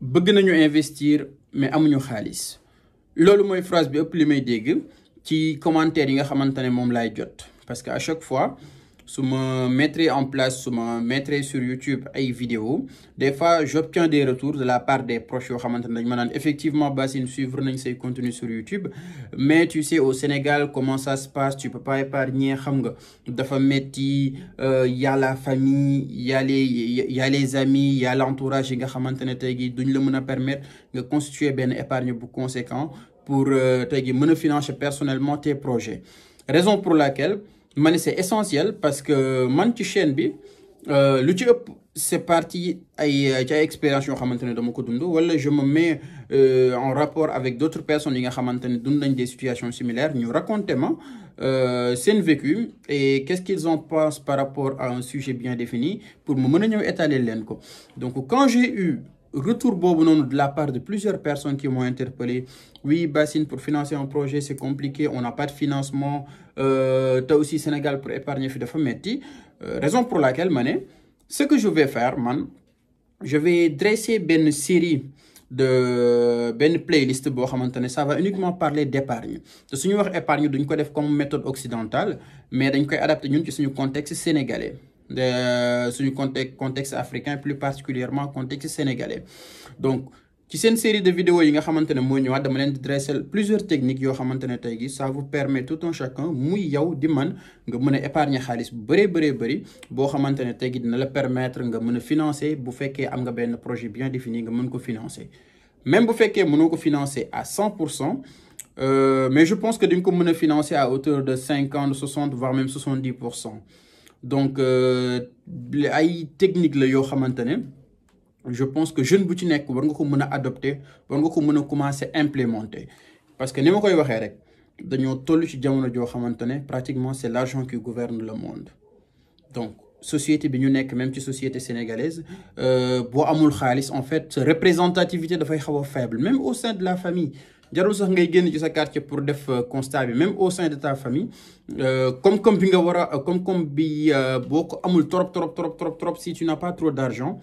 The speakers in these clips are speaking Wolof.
bëgg nañu investir mais amuñu xaalis loolu mooy phrase bi ëpp li may dégg ci commentaire yi nga xamante ne moom laay jot parce que à chaque fois su ma mettre en place su ma mettre sur YouTube ay vidéo des fois j'obtiens des retours de la part des proches yoo xamante ne dañ ma naan effectivement Bassine suivre nañ say contenu sur YouTube mais tu sais au Sénégal comment ça se passe tu peux pas épargner xam nga dafa metti euh, y a la famille y a les les amis y a l'entourage yi nga xamante ne tey gi duñ la mën a permettre nga constituer benn épargne bu conséquent pour euh, tey gi mën a financer personnellement tes projets raison pour laquelle ma ne c'est essentiel parce que man ci chaîne bi euh, lu ci ëpp c'est parti ay euh, ci ay expérience yoo xamante ne dama ko dund wala je me mets euh, en rapport avec d'autres personnes yi nga xamante ne dund nañ des situations similaires ñu raconté ma seen vécu et qu'est-ce qu'ils en pensent par rapport à un sujet bien défini pour mu mën a ñëw étaler leen ko donc quand j'ai eu retour boobu noonu de la part de plusieurs personnes qui m'ont interpellé oui Bassine pour financer un projet c'est compliqué on n'a pas de financement euh, te aussi Sénégal pour épargner fi dafa metti euh, raison pour laquelle ma ne ce que je vais faire man je vais dresser benn série de benn playlist boo xamante ne ça va uniquement parler d' épargne te suñu wax épargne duñ ko def comme méthode occidentale mais dañ koy adapté ñun ci suñu contexte sénégalais Euh, suñu contexte contexte africain plus particulièrement contexte sénégalais donc ci seen série de vidéos yi nga xamante ne moo ñëwaat dama leen di dresser plusieurs techniques yoo xamante ne tey gi ça vous permet tout un chacun muy yow di man nga mën a épargner xaalis bu bëree bëree bëri boo xamante ne tey gi dina la permettre nga mën a financer bu fekkee am nga benn projet bien défini nga mën ko financer même bu fekkee mënoo ko financer à 100 pour cent euh, mais que di a financer à hauteur de 50 60 voire même donc euh, ay technique la yoo xamante ne je pense que jeune bu ci nekk war nga ko mën a adopter war nga ko mën a commencer implémenter parce que ni ma koy waxee rek dañoo toll ci jamono joo xamante ne pratiquement c'est l'argent qui gouverne le monde donc société bi ñu nekk même ci société sénégalaise euh, boo amul xaalis en fait sa représentativité dafay xaw a faible même au sein de la famille jarul sax ngay génn ci sa quartier pour def euh, constat bi même au sein de ta famille koom-koom euh, bi nga war a euh, comme koom bi boo ko amul trop trop trop trop trop si tu n'as pas trop d'argent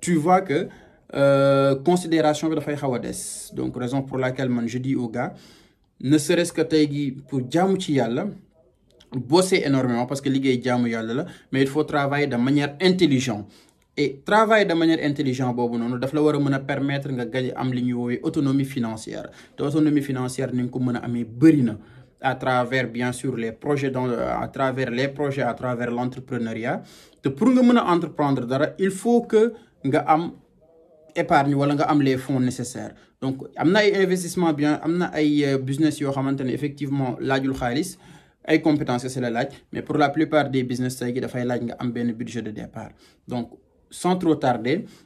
tu vois que considération bi dafay xaw a des donc raison pour laquelle man je dis aux gars ne serait-ce que tey gi pour jaamu ci yàlla bosser énormément parce que liggéey jaamu yàlla la mais il faut travailler de manière intelligente et travail de manière intelligente boobu noonu daf la war a mën a permettre nga gañ am li ñuy woowee autonomie financière te autonomie financière ni nga ko mën a amee bëri na à travers bien sûr les projets dans à travers les projets à travers l'entrepreneuriat te pour nga mën a entreprendre dara il faut que nga am épargne wala nga am les fonds nécessaires donc am na ay investissement bien am na ay euh, business yoo xamante ne effectivement laajul xaalis ay compétences c'est la laaj mais pour la plupart des business tey gi dafay laaj nga am benn budget de départ donc sans trop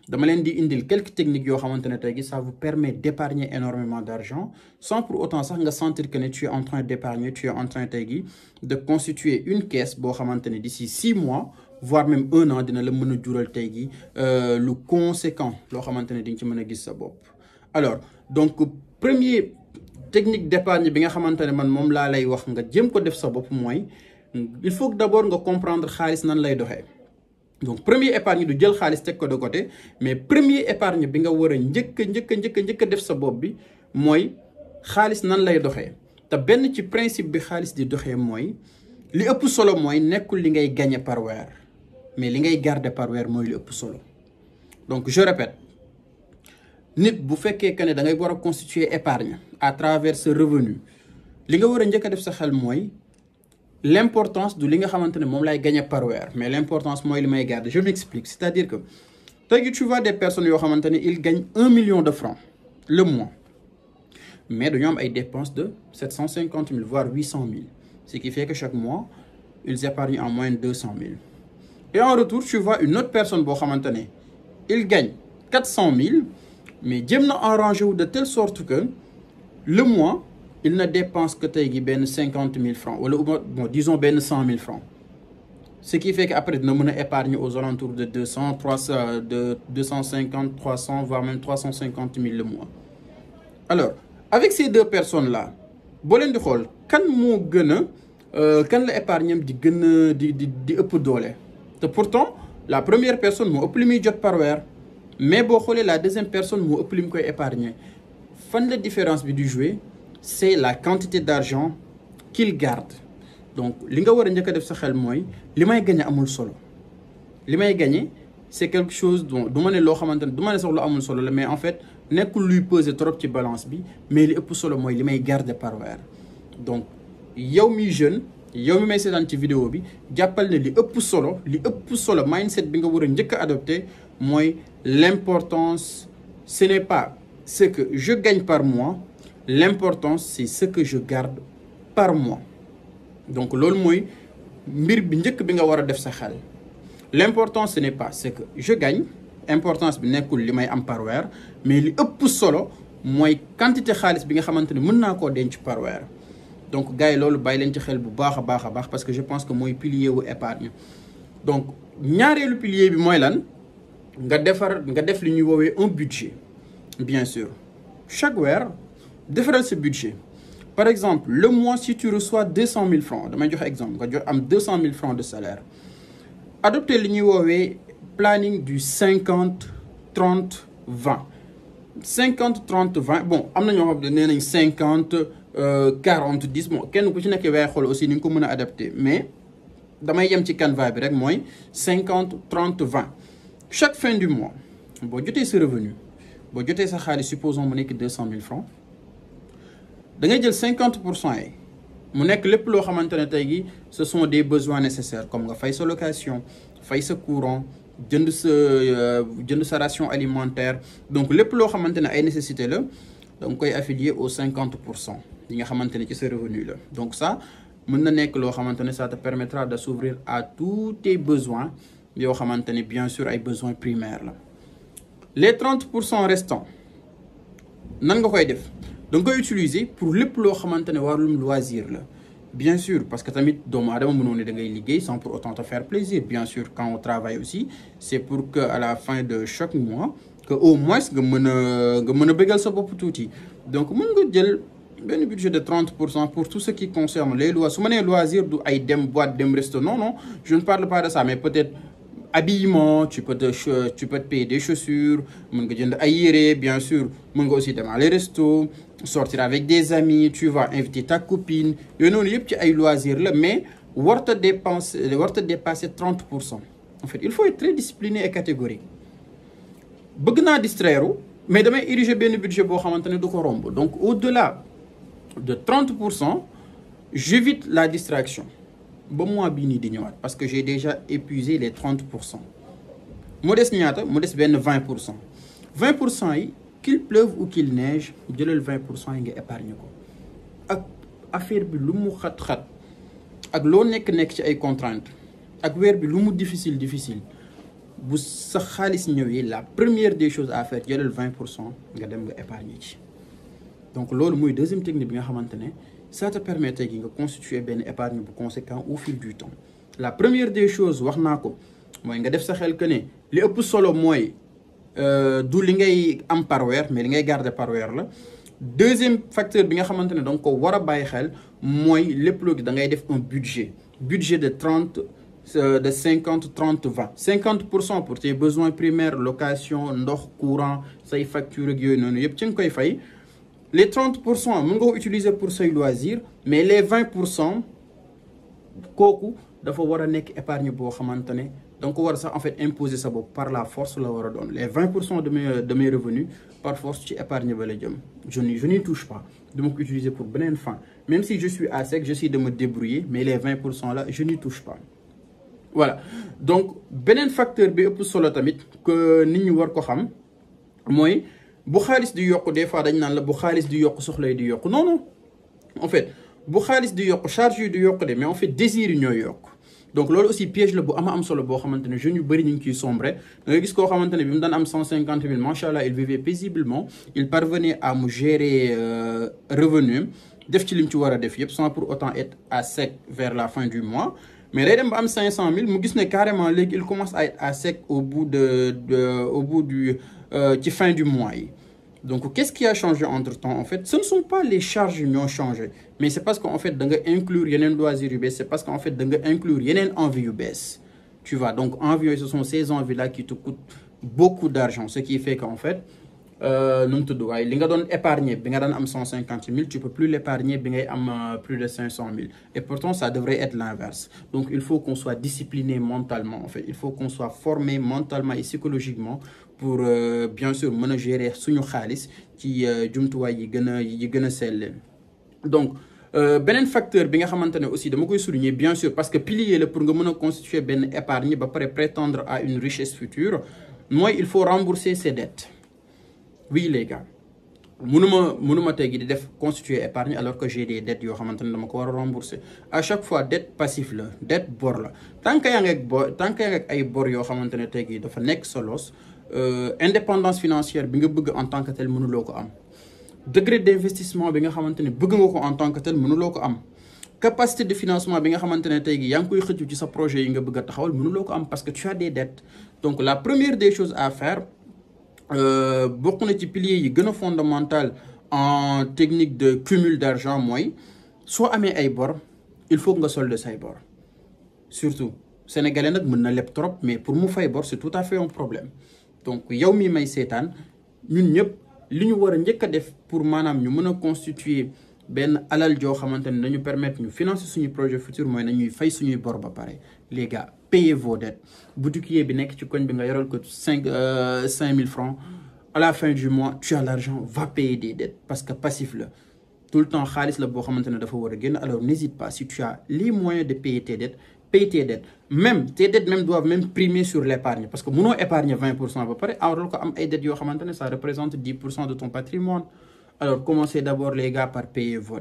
dama leen di indil quelques techniques yoo xamante ne tey gi ça vous permet d'épargner énormément d'argent sans pour autant sax nga sentir que ne tu es en train d'épargner tu es en train tey gi de constituer une caisse boo xamante ne si six mois voire même un an dina la mën a jural tey gi euh, lu conséquent loo xamante ne di nga ci mën a gis sa bopp alors donc premier technique d'épargne bi nga xamante ne man moom laa lay wax nga jëm ko def sa bopp mooy il faut que d'abord nga comprendre xaalis nan lay doxee donc premier épargne du jël xaalis teg ko de côté mais premier épargne bi nga war a njëkk a njëkk njëkk njëkk a def sa bopp bi mooy xaalis nan lay doxee te benn ci principe bi xaalis di doxee mooy li ëpp solo mooy nekkul li ngay gagné par weer mais li ngay garder par mooy li ëpp solo donc je répète nit bu fekkee que ne da ngay war a constituer épargne à travers sa revenu li nga war a njëkk a def sa xel mooy l' importance li nga xamante ne moom lay gagné par weer mais l' importance mooy li may garder je m'explique c' est à dire que tey jii tu des personnes yoo xamante ne ils un million de francs le mois mais dañoo am ay dépenses de sept cent cinquante mille voire huit cent mille ce qui fait que chaque mois ils épargnent en moyenne deux cent mille et en retour tu vois une autre personne boo xamante ne il gagne quatre cent mille mais jéem na arrangé wu de telle sorte que le mois. il ne dépense que tey gi benn cinquante mille francs wala bon disons benn cent mille francs ce qui fait que après dina mën a épargner aux alentours de deux cent trois de deux cent cinquante trois cent voire même trois cent cinquante mille le mois. alors avec ces deux personnes la boo leen di xool kan moo gën a euh, kan la épargne di gën a di di di ëpp doole te pourtant la première personne moo ëpp li muy jot par weer mais boo xoolee la deuxième personne moo ëpp li mu koy épargner fan la différence bi di jouer. c'est la quantité d'argent qu'il garde donc li nga war a njëkk def sa xel mooy li may gagné amul solo li may gagné c'est quelque chose dont du ma ne loo xamante ne du ma ne sax amul solo la mais en fait nekkul luy peser trop ci balance bi mais li ëpp solo mooy li may garder par weer donc yow mi jeune yow mi may seetaan ci vidéo bi jàppal ne li ëpp solo li ëpp solo set bi nga war a njëkk a adopté mooy l'importance ce n'est pas ce que je gagne par mois l'important c'est ce que je garde par moi donc loolu mooy mbir bi njëkk bi nga war a def sa xel l'important ce n'est pas ce que je gagne importance bi nekkul li may am par weer mais li ëpp solo mooy quantité xaalis bi nga xamante ne mën naa koo denc par weer donc gars yi loolu bàyyi leen ci xel bu baax a baax a baax parce que je pense que mooy pilier wu épargne donc ñaareelu pilier bi mooy lan nga defar nga def li ñuy woowee un budget bien sûr chaque weer defaral sa budget par exemple le mois si tu reçois deux cent mille francs damay joxe exemple nga jot am deux cent mille francs de salaire adopté li ñuy woowee planning du cinquante trente vingt cinquante trente vingt bon am na ñoo xam ne nee nañ cinquante euh, quarante dix bon kenn ku ci nekkee yaay xool aussi ni nga ko mën a adapté mais damay yem ci Canva bi rek mooy cinquante trente vingt chaque fin du mois boo jotee sa revenu boo jotee sa xaalis supposons mu nekk deux cent mille francs da ngay jël cinquante pour cent yi mu nekk lépp loo xamante ne tey gi ce sont des besoins nécessaires comme nga fay sa location fay sa courant jënd sa euh, jënd sa ration alimentaire donc lépp loo xamante ne ay nécessité la danga koy affilier au cinquante pour cent yi nga xamante ne ci sa revenu la donc ça mën na nekk loo xamante ne ça te permettra de s'ouvrir à tous tes besoins yoo xamante ne bien sure ay besoins primaires la les trente pour cent restants nan nga koy def da nga koy utiliser pour lépp loo xamante ne wàllum loisir la bien sûr parce que tamit doomu aadama mënoo ne da ngay liggéey sans pour autant te faire plaisir bien sûr quand on travaille aussi c'est pour que à la fin de chaque mois que au moins nga mën a nga mën a bégal sa bopp tuuti donc mën nga jël benn budget de 30 pour cent pour tout ce qui concerne les lois su ma loisir du ay dem boîte dem resto non non je ne parle pas de ça mais peut-être habillement tu peux te tu peux te payer des chaussures mën nga jënd ay yére bien sûr mën aussi dem à les sortir avec des amis tu vas inviter ta copine yooyu noonu yëpp ci ay loisir la mais war dépense warta dépasser 30 pour cent en fait il faut être très discipliné et catégorique bëgg naa distraire mais damay ériger benn budget boo xamante ne du ko romb donc au delà de 30 pour cent j'évite la distraction ba mois bii nii di ñëwaat parce que j'ai déjà épuisé les 30 pour cent mu des ñaata mu des benn 20 pour cent 20 pour cent yi qu'il pleuve ou qu'il neige jëlal vingt pour cent yi nga épargne ko ak affaire bi lu mu xat-xat ak loo nekk-nekk ci ay contraintes ak weer bi lu mu difficile difficile bu sa xaalis ñëwee la première des choses à faire jëlal vingt pour cent nga dem nga épargne ci donc loolu muy deuxième technique bi nga xamante ne ça te permet gi nga constituer benn épargne bu conséquent au fil du temps la première des choses wax naa ko mooy nga def sa xel que ne li ëpp solo mooy Euh, du li ngay am par mais li ngay garder par weer la deuxième facteur bi nga xamante ne danga ko war a bàyyi xel mooy lépp loo gis da ngay def un budget budget de trente euh, de cinquante trente vingt cinquante pour cent pour tes besoins primaires location ndox courant say facture ak yooyu noonu yëpp ci nga koy fay les trente pour cent mën nga ko utiliser pour say loisir mais les vingt pour cent kooku dafa war a nekk épargne boo xamante ne donc war sax en fait imposer sa bopp par la force la war a doon les vingt pour cent de mes de mes revenus par force ci épargne ba la jëm je ne je n'y touche pas ko utiliser pour beneen fin même si je suis à sec je suis de me débrouiller mais les vingt pour cent là je n'y touche pas voilà donc beneen facteur bi ëpp solo tamit que nit ñi war ko xam mooy bu xaalis di yokk des fois dañ naan la bu xaalis di yokk soxla yi di yokk noonu non en fait bu xaalis di yokk charge di yokk de mais en fait désir ñooy yokk donc loolu aussi piège la bu ama am solo boo xamante ne jeunes yu bëri ñu ngi ciy sombre da nga gis koo xamante ne bi mu daan am cent cinquante mille macha allah il vivait paisiblement il parvenait à mu gérer euh, revenu def ci li mu ci war a def yëpp sans pour autant être à sec vers la fin du mois mais day dem am cinq cent mille mu gis ne carrément léegi il commence à être à sec au bout de au bout euh, ci fin du mois yi donc qu'est-ce qui a changé entre temps en fait ce ne sont pas les charges ñoo changé mais c'est parce que fait da nga inclure yeneen loisirs yu c'est parce que en fait da nga inclure yeneen envie yu bees tu vois donc envie yooyu ce sont ces envies là qui te coûtent beaucoup d'argent ce qui fait qu'en fait euh, nu mu tudd waaye li nga doon épargner bi nga daan am cent cinquante mille tu peux plus l'épargner bi ngay am euh, plus de cinq cent mille et pourtant ça devrait faut qu'on soit discipliné mentalement en fait il faut qu'on pour euh, bien sûr mën a gérer suñu xaalis ci euh, jumtuwaay yi gën a yi gën a sell donc euh, beneen facteur bi nga xamante ne aussi dama koy souligner bien sûr que pilier la pour nga mën a constituer benn épargne ba pare prétendre à une richesse future mooy il faut rembourser ses dettes oui les gars mënuma mënuma tey gi di def constituer épargne alors que j'ai des yoo xamante ne dama ko war a rembourser à chaque fois dette passive la dette la tant que ay bor yoo xamante ne tey dafa nekk solos Euh, indépendance financière bi nga bëgg en tant que tel mënuloo ko am degré d'investissement bi nga xamante ne bëgg nga ko en tant que tel mënuloo ko am capacité de financement bi nga xamante ne tey gi yaa ngi koy xëccu ci sa projet yi nga bëgg a taxawal mënuloo ko am parce que tu as des donc la première des choses à faire euh, bokk na ci pilier yi gën a fondamental en technique de cumul d'argent mooy soo amee ay bor il faut nga solde say bor surtout sénégalais nag mën na leb trop mais pour mu fay bor c'est à fait problème donc yow mi may seetaan ñun ñëpp li ñu war a njëkk def pour maanaam ñu mën a constituer benn alal joo xamante ne dañu permettre ñu finance suñu projet futur mooy nañuy fay suñuy bor ba pare les gars payez vos dettes boutiquier bi nekk ci koñ bi nga yoral ko cinq euh, cinq mille francs à la fin du mois tu as l'argent va payer des dettes parce que passif la tout le temps xaalis la boo xamante ne dafa war a génn alors n'hésite pas si tu as les de payer tes dettes paye tes dettes même tes dettes même doivent même primer sur l'épargne parce que mënoo épargner 20 pour cent ba pare alors que am ay dettes yoo xamante ne représente de ton patrimoine alors commencez d'abord les par payer vos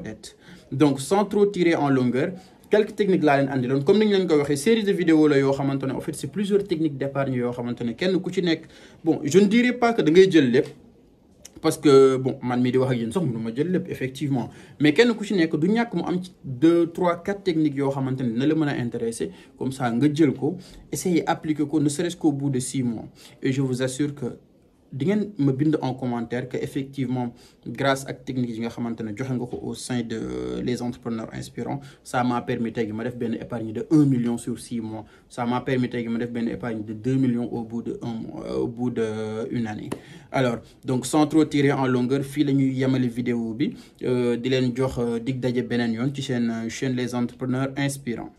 donc sans trop tirer en longueur quelques techniques laa leen andiloon comme ni ñu ko waxee série de vidéos la yoo xamante ne en plusieurs techniques d'épargne yoo xamante kenn ku ci nekk bon je ne dirais pas jël parce que bon man mii di wax ak yéen sax mënu ma jël lépp effectivement mais kenn ku ci nekk du ñàkk mu am ci deux trois quatre techniques yoo xamante ne dina la mën a intéresser comme ça nga jël ko essayer appliquer ko ne serait-ce bout de six mois et je vous assure que di ngeen ma bind en commentaire que effectivement grâce ak technique yi nga xamante ne joxe nga ko au sein de les entrepreneurs inspirants ça m'a permis tey ma def benn épargne de un million sur six mois m'a permis tey ma def benn épargne de deux millions au bout de un mois euh, de euh, alors donc sans trop tirer en longueur fii la ñuy yemale vidéo bi euh, di leen jox dig daje beneen yoon ci seen chaîne les entrepreneurs inspirants